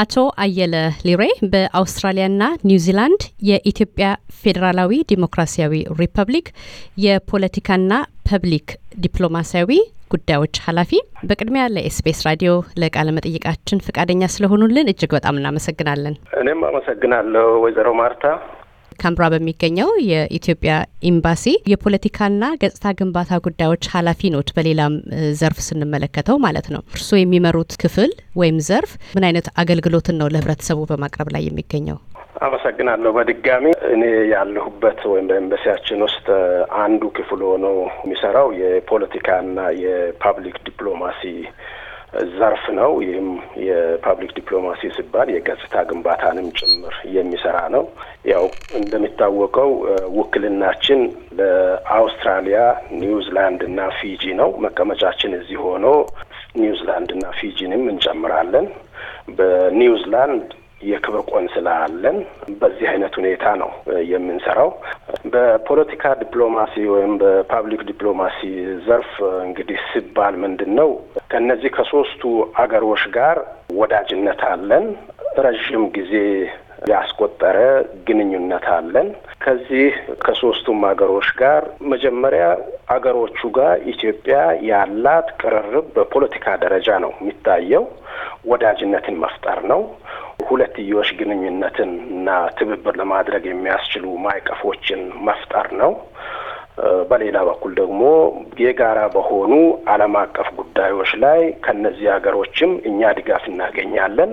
አቶ አየለ ሊሬ በአውስትራሊያና ኒውዚላንድ የኢትዮጵያ ፌዴራላዊ ዲሞክራሲያዊ ሪፐብሊክ የፖለቲካና ፐብሊክ ዲፕሎማሲያዊ ጉዳዮች ኃላፊ፣ በቅድሚያ ለኤስቢኤስ ራዲዮ ለቃለ መጠይቃችን ፈቃደኛ ስለሆኑልን እጅግ በጣም እናመሰግናለን። እኔም አመሰግናለሁ ወይዘሮ ማርታ። ካምብራ በሚገኘው የኢትዮጵያ ኤምባሲ የፖለቲካና ገጽታ ግንባታ ጉዳዮች ኃላፊ ኖት። በሌላም ዘርፍ ስንመለከተው ማለት ነው እርስዎ የሚመሩት ክፍል ወይም ዘርፍ ምን አይነት አገልግሎትን ነው ለህብረተሰቡ በማቅረብ ላይ የሚገኘው? አመሰግናለሁ። በድጋሚ እኔ ያለሁበት ወይም በኤምባሲያችን ውስጥ አንዱ ክፍል ሆኖ የሚሰራው የፖለቲካና የፓብሊክ ዲፕሎማሲ ዘርፍ ነው። ይህም የፓብሊክ ዲፕሎማሲ ሲባል የገጽታ ግንባታንም ጭምር የሚሰራ ነው። ያው እንደሚታወቀው ውክልናችን ለአውስትራሊያ፣ ኒውዚላንድ እና ፊጂ ነው። መቀመጫችን እዚህ ሆኖ ኒውዚላንድ እና ፊጂንም እንጨምራለን። በኒውዚላንድ የክብር ቆንስላ አለን። በዚህ አይነት ሁኔታ ነው የምንሰራው። በፖለቲካ ዲፕሎማሲ ወይም በፓብሊክ ዲፕሎማሲ ዘርፍ እንግዲህ ሲባል ምንድን ነው ከነዚህ ከሶስቱ አገሮች ጋር ወዳጅነት አለን። ረዥም ጊዜ ያስቆጠረ ግንኙነት አለን። ከዚህ ከሶስቱም አገሮች ጋር መጀመሪያ አገሮቹ ጋር ኢትዮጵያ ያላት ቅርርብ በፖለቲካ ደረጃ ነው የሚታየው። ወዳጅነትን መፍጠር ነው። ሁለትዮሽ ግንኙነትን እና ትብብር ለማድረግ የሚያስችሉ ማዕቀፎችን መፍጠር ነው። በሌላ በኩል ደግሞ የጋራ በሆኑ ዓለም አቀፍ ጉዳዮች ላይ ከነዚህ ሀገሮችም እኛ ድጋፍ እናገኛለን።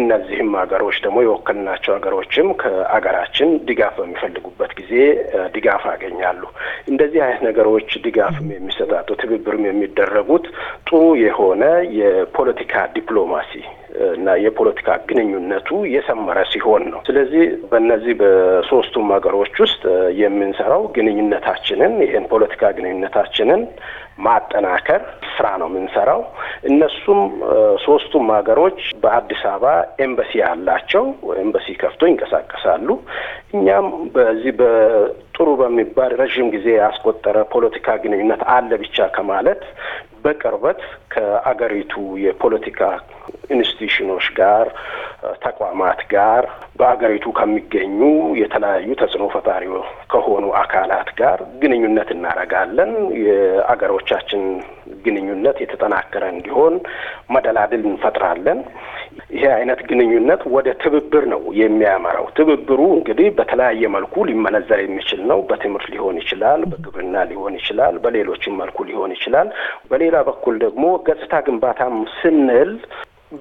እነዚህም ሀገሮች ደግሞ የወከልናቸው ሀገሮችም ከሀገራችን ድጋፍ በሚፈልጉበት ጊዜ ድጋፍ ያገኛሉ። እንደዚህ አይነት ነገሮች ድጋፍም የሚሰጣጡ ትብብርም የሚደረጉት ጥሩ የሆነ የፖለቲካ ዲፕሎማሲ እና የፖለቲካ ግንኙነቱ የሰመረ ሲሆን ነው። ስለዚህ በእነዚህ በሶስቱም ሀገሮች ውስጥ የምንሰራው ግንኙነታችንን ይህን ፖለቲካ ግንኙነታችንን ማጠናከር ስራ ነው የምንሰራው። እነሱም ሶስቱም ሀገሮች በአዲስ አበባ ኤምባሲ ያላቸው ኤምባሲ ከፍቶ ይንቀሳቀሳሉ። እኛም በዚህ በጥሩ በሚባል ረዥም ጊዜ ያስቆጠረ ፖለቲካ ግንኙነት አለ ብቻ ከማለት በቅርበት ከአገሪቱ የፖለቲካ ኢንስቲቱሽኖች ጋር ተቋማት ጋር በሀገሪቱ ከሚገኙ የተለያዩ ተጽዕኖ ፈጣሪ ከሆኑ አካላት ጋር ግንኙነት እናደርጋለን። የአገሮቻችን ግንኙነት የተጠናከረ እንዲሆን መደላድል እንፈጥራለን። ይሄ አይነት ግንኙነት ወደ ትብብር ነው የሚያመራው። ትብብሩ እንግዲህ በተለያየ መልኩ ሊመነዘር የሚችል ነው። በትምህርት ሊሆን ይችላል፣ በግብርና ሊሆን ይችላል፣ በሌሎችም መልኩ ሊሆን ይችላል። በሌላ በኩል ደግሞ ገጽታ ግንባታም ስንል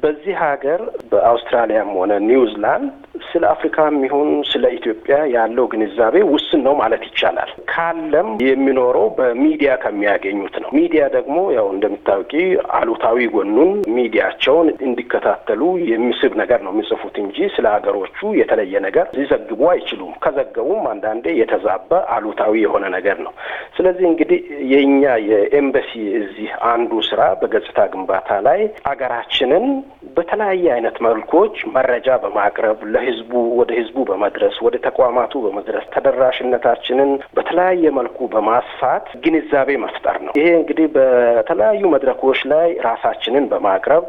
በዚህ ሀገር በአውስትራሊያም ሆነ ኒውዚላንድ ስለ አፍሪካ የሚሆን ስለ ኢትዮጵያ ያለው ግንዛቤ ውስን ነው ማለት ይቻላል። ካለም የሚኖረው በሚዲያ ከሚያገኙት ነው። ሚዲያ ደግሞ ያው እንደምታውቂ አሉታዊ ጎኑን ሚዲያቸውን እንዲከታተሉ የሚስብ ነገር ነው የሚጽፉት እንጂ ስለ ሀገሮቹ የተለየ ነገር ሊዘግቡ አይችሉም። ከዘገቡም አንዳንዴ የተዛባ አሉታዊ የሆነ ነገር ነው። ስለዚህ እንግዲህ የእኛ የኤምበሲ እዚህ አንዱ ስራ በገጽታ ግንባታ ላይ አገራችንን በተለያየ አይነት መልኮች መረጃ በማቅረብ ለህዝቡ ወደ ህዝቡ በመድረስ ወደ ተቋማቱ በመድረስ ተደራሽነታችንን በተለያየ መልኩ በማስፋት ግንዛቤ መፍጠር ነው። ይሄ እንግዲህ በተለያዩ መድረኮች ላይ ራሳችንን በማቅረብ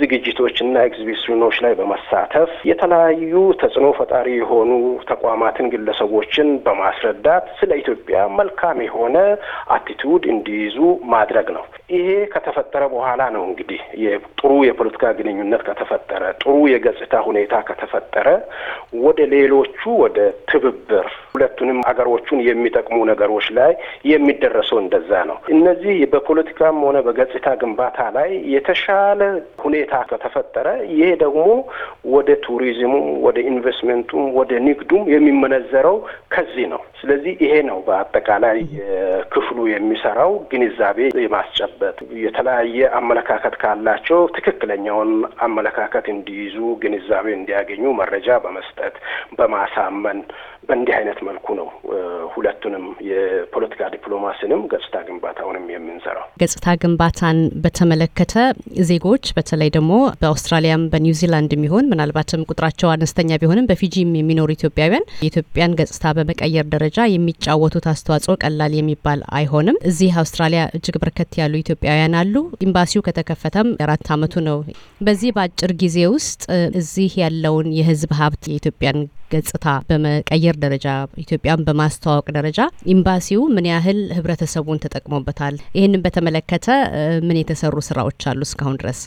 ዝግጅቶችና ኤግዚቢሽኖች ላይ በመሳተፍ የተለያዩ ተጽዕኖ ፈጣሪ የሆኑ ተቋማትን፣ ግለሰቦችን በማስረዳት ስለ ኢትዮጵያ መልካም የሆነ አቲቱድ እንዲይዙ ማድረግ ነው። ይሄ ከተፈጠረ በኋላ ነው እንግዲህ ጥሩ የፖለቲካ ጋር ግንኙነት ከተፈጠረ፣ ጥሩ የገጽታ ሁኔታ ከተፈጠረ ወደ ሌሎቹ ወደ ትብብር ሁለቱንም ሀገሮቹን የሚጠቅሙ ነገሮች ላይ የሚደረሰው እንደዛ ነው። እነዚህ በፖለቲካም ሆነ በገጽታ ግንባታ ላይ የተሻለ ሁኔታ ከተፈጠረ ይሄ ደግሞ ወደ ቱሪዝሙም፣ ወደ ኢንቨስትመንቱም፣ ወደ ንግዱም የሚመነዘረው ከዚህ ነው። ስለዚህ ይሄ ነው በአጠቃላይ ክፍሉ የሚሰራው ግንዛቤ የማስጨበጥ የተለያየ አመለካከት ካላቸው ትክክለኛውን አመለካከት እንዲይዙ ግንዛቤ እንዲያገኙ መረጃ በመስጠት በማሳመን በእንዲህ አይነት መልኩ ነው ሁለቱንም የፖለቲካ ዲፕሎማሲንም ገጽታ ግንባታውንም የምንሰራው። ገጽታ ግንባታን በተመለከተ ዜጎች በተለይ ደግሞ በአውስትራሊያም በኒውዚላንድ የሚሆን ምናልባትም ቁጥራቸው አነስተኛ ቢሆንም በፊጂም የሚኖሩ ኢትዮጵያውያን የኢትዮጵያን ገጽታ በመቀየር ደረጃ የሚጫወቱት አስተዋጽኦ ቀላል የሚባል አይሆንም። እዚህ አውስትራሊያ እጅግ በርከት ያሉ ኢትዮጵያውያን አሉ። ኤምባሲው ከተከፈተም አራት አመቱ ነው። በዚህ በአጭር ጊዜ ውስጥ እዚህ ያለውን የህዝብ ሀብት የኢትዮጵያን ገጽታ በመቀየር ደረጃ ኢትዮጵያን በማስተዋወቅ ደረጃ ኤምባሲው ምን ያህል ህብረተሰቡን ተጠቅሞበታል? ይህንን በተመለከተ ምን የተሰሩ ስራዎች አሉ እስካሁን ድረስ?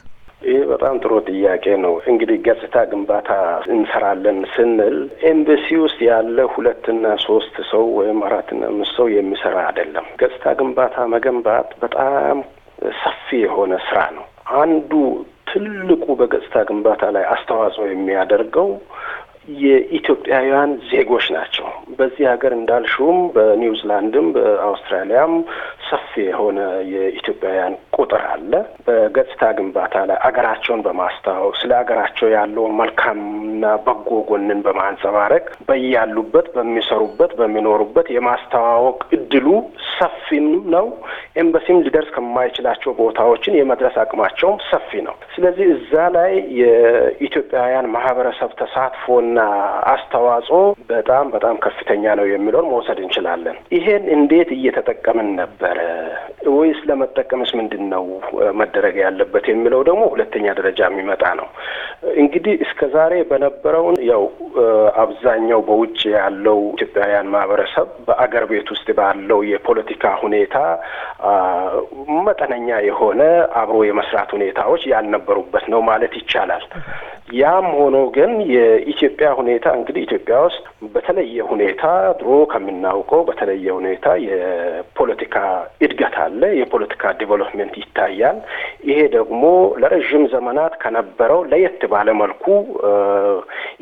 ይህ በጣም ጥሩ ጥያቄ ነው። እንግዲህ ገጽታ ግንባታ እንሰራለን ስንል ኤምበሲ ውስጥ ያለ ሁለትና ሶስት ሰው ወይም አራትና አምስት ሰው የሚሰራ አይደለም። ገጽታ ግንባታ መገንባት በጣም ሰፊ የሆነ ስራ ነው። አንዱ ትልቁ በገጽታ ግንባታ ላይ አስተዋጽኦ የሚያደርገው የኢትዮጵያውያን ዜጎች ናቸው። በዚህ ሀገር እንዳልሹም በኒውዚላንድም በአውስትራሊያም ሰፊ የሆነ የኢትዮጵያውያን ቁጥር አለ። በገጽታ ግንባታ ላይ አገራቸውን በማስታወቅ ስለ አገራቸው ያለውን መልካምና በጎ ጎንን በማንጸባረቅ በያሉበት በሚሰሩበት በሚኖሩበት የማስተዋወቅ እድሉ ሰፊ ነው። ኤምባሲም ሊደርስ ከማይችላቸው ቦታዎችን የመድረስ አቅማቸውም ሰፊ ነው። ስለዚህ እዛ ላይ የኢትዮጵያውያን ማህበረሰብ ተሳትፎና አስተዋጽኦ በጣም በጣም ከፍተኛ ነው የሚለውን መውሰድ እንችላለን። ይሄን እንዴት እየተጠቀምን ነበር? ነበረ ወይስ ለመጠቀምስ ምንድን ነው መደረግ ያለበት የሚለው ደግሞ ሁለተኛ ደረጃ የሚመጣ ነው። እንግዲህ እስከ ዛሬ በነበረውን ያው አብዛኛው በውጭ ያለው ኢትዮጵያውያን ማህበረሰብ በአገር ቤት ውስጥ ባለው የፖለቲካ ሁኔታ መጠነኛ የሆነ አብሮ የመስራት ሁኔታዎች ያልነበሩበት ነው ማለት ይቻላል። ያም ሆኖ ግን የኢትዮጵያ ሁኔታ እንግዲህ ኢትዮጵያ ውስጥ በተለየ ሁኔታ ድሮ ከምናውቀው በተለየ ሁኔታ የፖለቲካ እድገት አለ፣ የፖለቲካ ዲቨሎፕመንት ይታያል። ይሄ ደግሞ ለረዥም ዘመናት ከነበረው ለየት ባለ መልኩ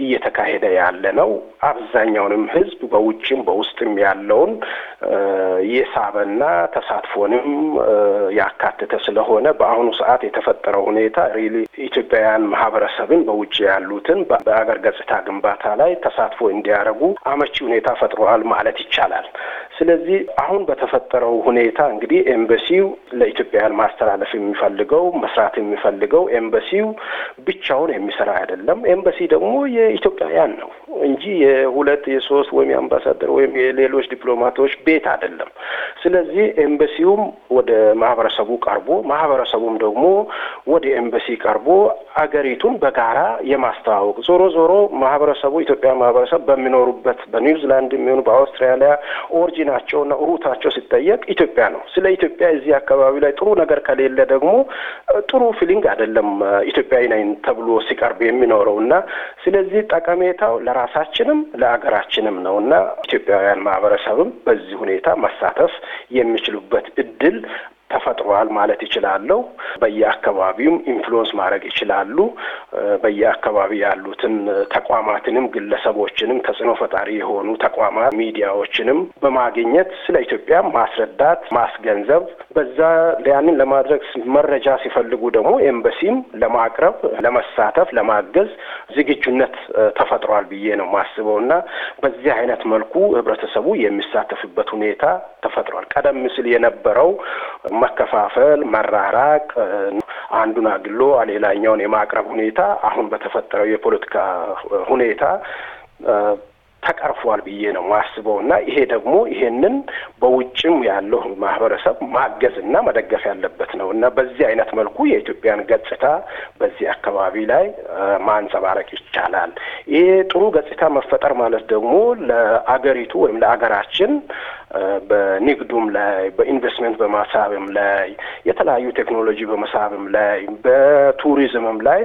እየተካሄደ ያለ ነው። አብዛኛውንም ህዝብ በውጭም በውስጥም ያለውን የሳበና ተሳትፎንም ያካተተ ስለሆነ በአሁኑ ሰዓት የተፈጠረው ሁኔታ ሪሊ ኢትዮጵያውያን ማህበረሰብን በውጭ ያሉትን በአገር ገጽታ ግንባታ ላይ ተሳትፎ እንዲያደርጉ አመቺ ሁኔታ ፈጥሯል ማለት ይቻላል። ስለዚህ አሁን በተፈጠረው ሁኔታ እንግዲህ ኤምበሲው ለኢትዮጵያውያን ማስተላለፍ የሚፈልገው መስራት የሚፈልገው ኤምበሲው ብቻውን የሚሰራ አይደለም። ኤምበሲ ደግሞ የ የኢትዮጵያውያን ነው እንጂ የሁለት የሶስት ወይም የአምባሳደር ወይም የሌሎች ዲፕሎማቶች ቤት አይደለም። ስለዚህ ኤምበሲውም ወደ ማህበረሰቡ ቀርቦ ማህበረሰቡም ደግሞ ወደ ኤምበሲ ቀርቦ አገሪቱን በጋራ የማስተዋወቅ ዞሮ ዞሮ ማህበረሰቡ ኢትዮጵያ ማህበረሰብ በሚኖሩበት በኒውዚላንድ የሚሆኑ በአውስትራሊያ ኦሪጂናቸውና ሩታቸው ሲጠየቅ ኢትዮጵያ ነው። ስለ ኢትዮጵያ እዚህ አካባቢ ላይ ጥሩ ነገር ከሌለ ደግሞ ጥሩ ፊሊንግ አይደለም ኢትዮጵያዊ ነኝ ተብሎ ሲቀርብ የሚኖረው እና ስለዚህ ስለዚህ ጠቀሜታው ለራሳችንም ለአገራችንም ነው እና ኢትዮጵያውያን ማህበረሰብም በዚህ ሁኔታ መሳተፍ የሚችሉበት እድል ተፈጥሯል ማለት ይችላለሁ። በየአካባቢውም ኢንፍሉወንስ ማድረግ ይችላሉ። በየአካባቢ ያሉትን ተቋማትንም ግለሰቦችንም ተጽዕኖ ፈጣሪ የሆኑ ተቋማት ሚዲያዎችንም በማግኘት ስለ ኢትዮጵያ ማስረዳት፣ ማስገንዘብ በዛ ያንን ለማድረግ መረጃ ሲፈልጉ ደግሞ ኤምበሲም ለማቅረብ፣ ለመሳተፍ፣ ለማገዝ ዝግጁነት ተፈጥሯል ብዬ ነው ማስበው እና በዚህ አይነት መልኩ ህብረተሰቡ የሚሳተፍበት ሁኔታ ተፈጥሯል። ቀደም ሲል የነበረው መከፋፈል፣ መራራቅ፣ አንዱን አግሎ ሌላኛውን የማቅረብ ሁኔታ አሁን በተፈጠረው የፖለቲካ ሁኔታ ተቀርፏል ብዬ ነው ማስበው እና ይሄ ደግሞ ይሄንን በውጭም ያለው ማህበረሰብ ማገዝ እና መደገፍ ያለበት ነው እና በዚህ አይነት መልኩ የኢትዮጵያን ገጽታ በዚህ አካባቢ ላይ ማንጸባረቅ ይቻላል። ይሄ ጥሩ ገጽታ መፈጠር ማለት ደግሞ ለአገሪቱ ወይም ለአገራችን በንግዱም ላይ በኢንቨስትመንት በማሳብም ላይ የተለያዩ ቴክኖሎጂ በመሳብም ላይ በቱሪዝምም ላይ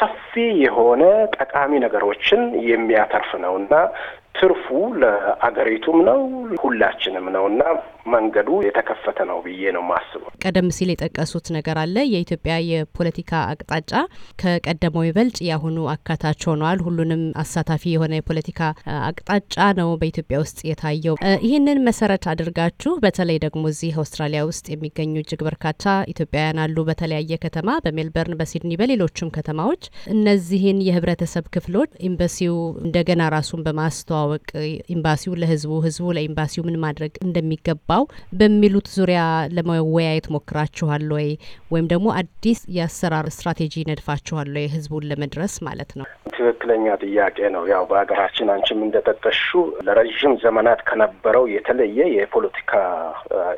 ሰፊ የሆነ ጠቃሚ ነገሮችን የሚያተርፍ ነው እና ትርፉ ለአገሪቱም ነው ሁላችንም ነው እና መንገዱ የተከፈተ ነው ብዬ ነው ማስበው። ቀደም ሲል የጠቀሱት ነገር አለ። የኢትዮጵያ የፖለቲካ አቅጣጫ ከቀደመው ይበልጥ የአሁኑ አካታች ሆኗል። ሁሉንም አሳታፊ የሆነ የፖለቲካ አቅጣጫ ነው በኢትዮጵያ ውስጥ የታየው። ይህንን መሰረት አድርጋችሁ በተለይ ደግሞ እዚህ አውስትራሊያ ውስጥ የሚገኙ እጅግ በርካታ ኢትዮጵያውያን አሉ፣ በተለያየ ከተማ በሜልበርን፣ በሲድኒ፣ በሌሎችም ከተማዎች እነዚህን የህብረተሰብ ክፍሎች ኤምባሲው እንደገና ራሱን በማስተዋ ለማስተዋወቅ ኤምባሲው ለህዝቡ፣ ህዝቡ ለኤምባሲው ምን ማድረግ እንደሚገባው በሚሉት ዙሪያ ለመወያየት ሞክራችኋል ወይ? ወይም ደግሞ አዲስ የአሰራር ስትራቴጂ ነድፋችኋል ወይ? ህዝቡን ለመድረስ ማለት ነው። ትክክለኛ ጥያቄ ነው። ያው በሀገራችን አንቺም እንደጠቀሽው ለረዥም ዘመናት ከነበረው የተለየ የፖለቲካ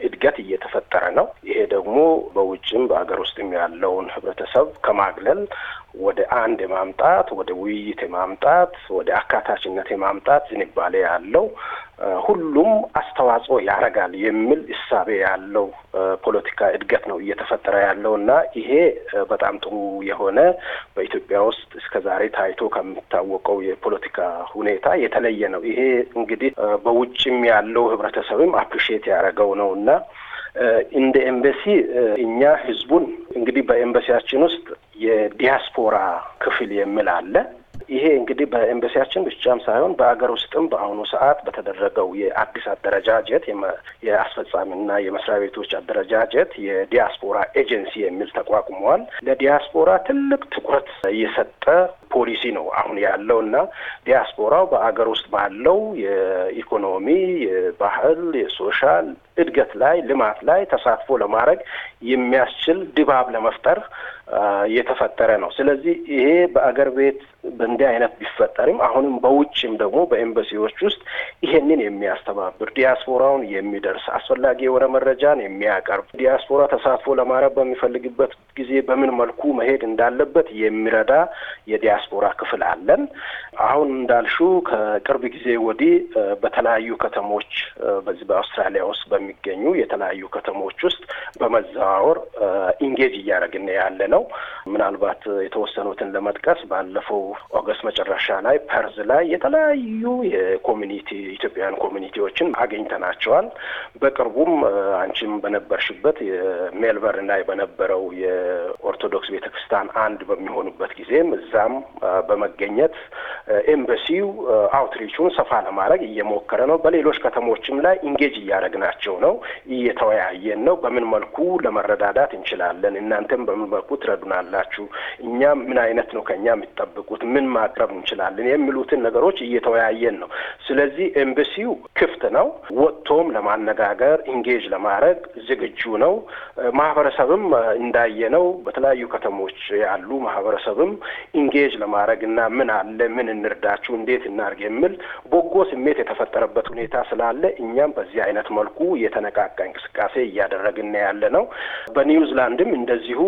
እድገት እየተፈጠረ ነው። ይሄ ደግሞ በውጭም በሀገር ውስጥም ያለውን ህብረተሰብ ከማግለል ወደ አንድ የማምጣት ወደ ውይይት የማምጣት ወደ አካታችነት የማምጣት ዝንባሌ ያለው ሁሉም አስተዋጽኦ ያደርጋል የሚል እሳቤ ያለው ፖለቲካ እድገት ነው እየተፈጠረ ያለው እና ይሄ በጣም ጥሩ የሆነ በኢትዮጵያ ውስጥ እስከ ዛሬ ታይቶ ከሚታወቀው የፖለቲካ ሁኔታ የተለየ ነው። ይሄ እንግዲህ በውጭም ያለው ህብረተሰብም አፕሪሺየት ያደረገው ነው እና እንደ ኤምበሲ እኛ ህዝቡን እንግዲህ በኤምበሲያችን ውስጥ የዲያስፖራ ክፍል የሚል አለ። ይሄ እንግዲህ በኤምባሲያችን ብቻም ሳይሆን በአገር ውስጥም በአሁኑ ሰዓት በተደረገው የአዲስ አደረጃጀት የአስፈጻሚና የመስሪያ ቤቶች አደረጃጀት የዲያስፖራ ኤጀንሲ የሚል ተቋቁመዋል። ለዲያስፖራ ትልቅ ትኩረት እየሰጠ ፖሊሲ ነው አሁን ያለው እና ዲያስፖራው በአገር ውስጥ ባለው የኢኮኖሚ፣ የባህል፣ የሶሻል እድገት ላይ ልማት ላይ ተሳትፎ ለማድረግ የሚያስችል ድባብ ለመፍጠር የተፈጠረ ነው። ስለዚህ ይሄ በአገር ቤት በእንዲህ አይነት ቢፈጠርም አሁንም በውጭም ደግሞ በኤምባሲዎች ውስጥ ይሄንን የሚያስተባብር ዲያስፖራውን የሚደርስ አስፈላጊ የሆነ መረጃን የሚያቀርብ ዲያስፖራ ተሳትፎ ለማድረግ በሚፈልግበት ጊዜ በምን መልኩ መሄድ እንዳለበት የሚረዳ የዲያስ ዲያስፖራ ክፍል አለን። አሁን እንዳልሹ ከቅርብ ጊዜ ወዲህ በተለያዩ ከተሞች በዚህ በአውስትራሊያ ውስጥ በሚገኙ የተለያዩ ከተሞች ውስጥ በመዘዋወር ኢንጌጅ እያደረግን ያለ ነው። ምናልባት የተወሰኑትን ለመጥቀስ ባለፈው ኦገስት መጨረሻ ላይ ፐርዝ ላይ የተለያዩ የኮሚኒቲ ኢትዮጵያውያን ኮሚኒቲዎችን አገኝተናቸዋል። በቅርቡም አንቺም በነበርሽበት ሜልበርን ላይ በነበረው የኦርቶዶክስ ቤተክርስቲያን አንድ በሚሆኑበት ጊዜም እዛም በመገኘት ኤምበሲው አውትሪቹን ሰፋ ለማድረግ እየሞከረ ነው። በሌሎች ከተሞችም ላይ ኢንጌጅ እያደረግናቸው ነው፣ እየተወያየን ነው። በምን መልኩ ለመረዳዳት እንችላለን፣ እናንተም በምን መልኩ ትረዱናላችሁ፣ እኛ ምን አይነት ነው ከኛ የሚጠብቁት፣ ምን ማቅረብ እንችላለን የሚሉትን ነገሮች እየተወያየን ነው። ስለዚህ ኤምበሲው ክፍት ነው፣ ወጥቶም ለማነጋገር ኢንጌጅ ለማድረግ ዝግጁ ነው። ማህበረሰብም ነው፣ በተለያዩ ከተሞች ያሉ ማህበረሰብም ኢንጌጅ ማድረግ እና ምን አለ ምን እንርዳችሁ እንዴት እናርግ የሚል በጎ ስሜት የተፈጠረበት ሁኔታ ስላለ እኛም በዚህ አይነት መልኩ የተነቃቃ እንቅስቃሴ እያደረግን ያለ ነው። በኒውዚላንድም እንደዚሁ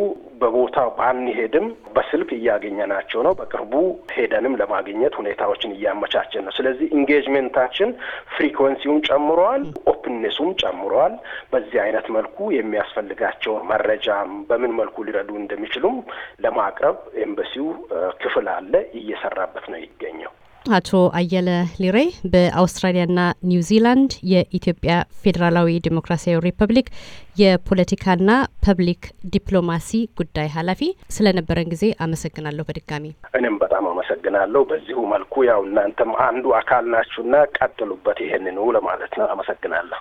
በቦታው ባንሄድም በስልክ እያገኘናቸው ነው። በቅርቡ ሄደንም ለማግኘት ሁኔታዎችን እያመቻችን ነው። ስለዚህ ኢንጌጅሜንታችን ፍሪኮንሲውም ጨምረዋል፣ ኦፕንነሱም ጨምረዋል። በዚህ አይነት መልኩ የሚያስፈልጋቸውን መረጃ በምን መልኩ ሊረዱ እንደሚችሉም ለማቅረብ ኤምባሲው ክፍል አለ እየሰራበት ነው ይገኘው። አቶ አየለ ሊሬ በአውስትራሊያና ኒውዚላንድ የኢትዮጵያ ፌዴራላዊ ዴሞክራሲያዊ ሪፐብሊክ የፖለቲካና ፐብሊክ ዲፕሎማሲ ጉዳይ ኃላፊ ስለነበረን ጊዜ አመሰግናለሁ። በድጋሚ እኔም በጣም አመሰግናለሁ። በዚሁ መልኩ ያው እናንተም አንዱ አካል ናችሁና ቀጥሉበት፣ ይሄንኑ ለማለት ነው። አመሰግናለሁ።